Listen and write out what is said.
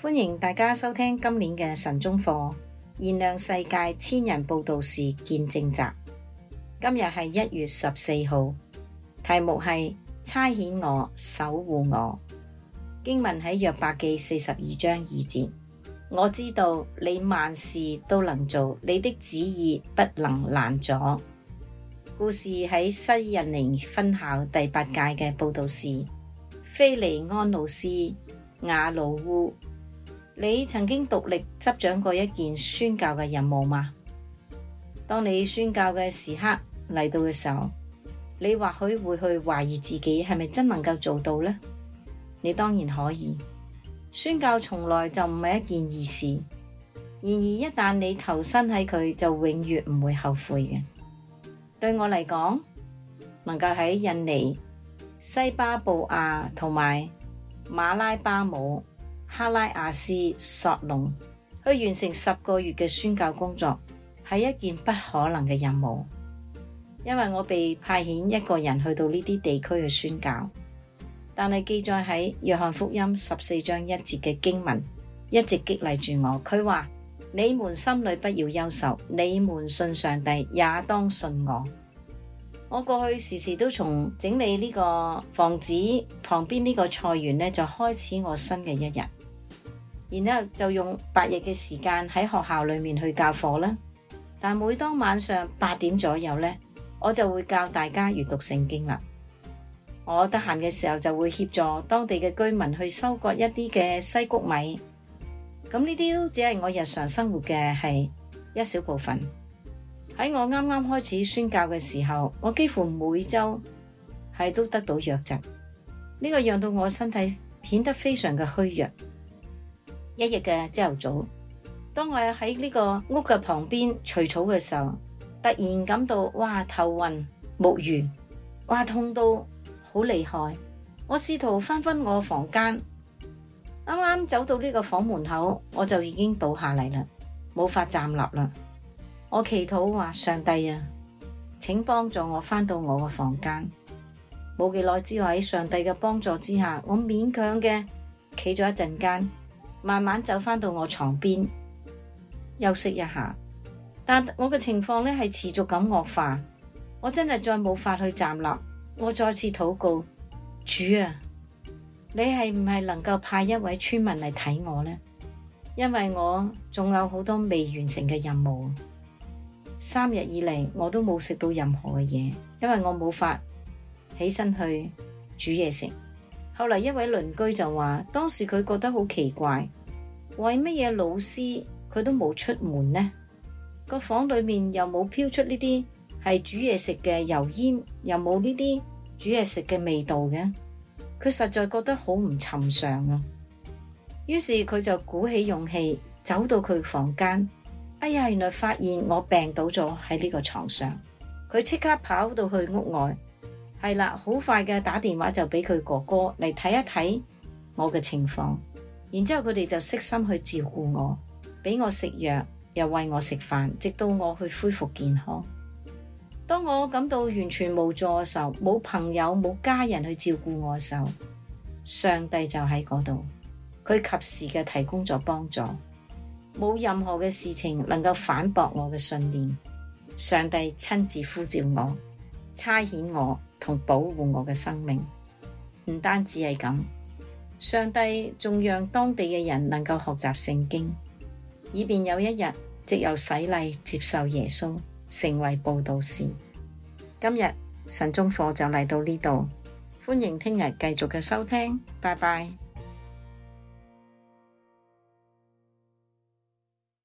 歡迎大家收聽今年嘅晨鐘課，燃亮世界千人佈道士見證集。今日係一月十四號，題目係差遣我守護我。經文喺約伯記四十二章二節，我知道你萬事都能做，你的旨意不能攔阻。故事喺西印尼分校第八屆嘅佈道士，菲利安老師瓦魯烏。你曾經獨力執掌過一件宣教嘅任務嗎？當你宣教嘅時刻嚟到嘅時候，你或許會去懷疑自己係咪真能夠做到呢？你當然可以。宣教從來就唔係一件易事。然而，一旦你投身喺佢，就永遠唔會後悔嘅。對我嚟講，能夠喺印尼、西巴布亞同埋馬拉巴姆、哈拉亞斯索隆去完成十個月嘅宣教工作係一件不可能嘅任務，因為我被派遣一個人去到呢啲地區去宣教。但係記載喺約翰福音十四章一節嘅經文一直激勵住我。佢話：你們心裡不要憂愁，你們信上帝也當信我。我過去時時都從整理呢個房子旁邊呢個菜園呢，就開始我新嘅一日。然後就用白日嘅時間喺學校裏面去教課啦。但每當晚上八點左右呢，我就會教大家閱讀聖經啦。我得閒嘅時候就會協助當地嘅居民去收割一啲嘅西谷米。咁呢啲只係我日常生活嘅係一小部分。喺我啱啱開始宣教嘅時候，我幾乎每週係都得到瘧疾，呢、這個讓到我身體顯得非常嘅虛弱。一日嘅朝頭早，當我喺呢個屋嘅旁邊除草嘅時候，突然感到哇頭暈目眩，哇，頭哇痛到好厲害。我試圖翻返我房間，啱啱走到呢個房門口，我就已經倒下嚟啦，冇法站立啦。我祈禱話：上帝啊，請幫助我翻到我嘅房間。冇幾耐之後喺上帝嘅幫助之下，我勉強嘅企咗一陣間。慢慢走返到我床邊休息一下，但我嘅情況呢，係持續咁惡化，我真係再冇法去站立。我再次禱告，主啊，你係唔係能夠派一位村民嚟睇我呢？因為我仲有好多未完成嘅任務。三日以嚟我都冇食到任何嘅嘢，因為我冇法起身去煮嘢食。後來一位鄰居就話，當時佢覺得好奇怪，為乜嘢老師佢都冇出門呢？個房裏面又冇飄出呢啲係煮嘢食嘅油煙，又冇呢啲煮嘢食嘅味道嘅，佢實在覺得好唔尋常啊。於是佢就鼓起勇氣走到佢房間，哎呀，原來發現我病倒咗喺呢個床上，佢即刻跑到去屋外。係啦，好快嘅打電話就俾佢哥哥嚟睇一睇我嘅情況，然之後佢哋就悉心去照顧我，俾我食藥，又餵我食飯，直到我去恢復健康。當我感到完全無助嘅時候，冇朋友冇家人去照顧我嘅時候，上帝就喺嗰度，佢及時嘅提供咗幫助，冇任何嘅事情能夠反駁我嘅信念。上帝親自呼召我。差遣我同保護我嘅生命，唔單止係咁，上帝仲讓當地嘅人能夠學習聖經，以便有一日藉由洗禮接受耶穌成為佈道士。今日晨鐘課就嚟到呢度，歡迎聽日繼續嘅收聽，拜拜。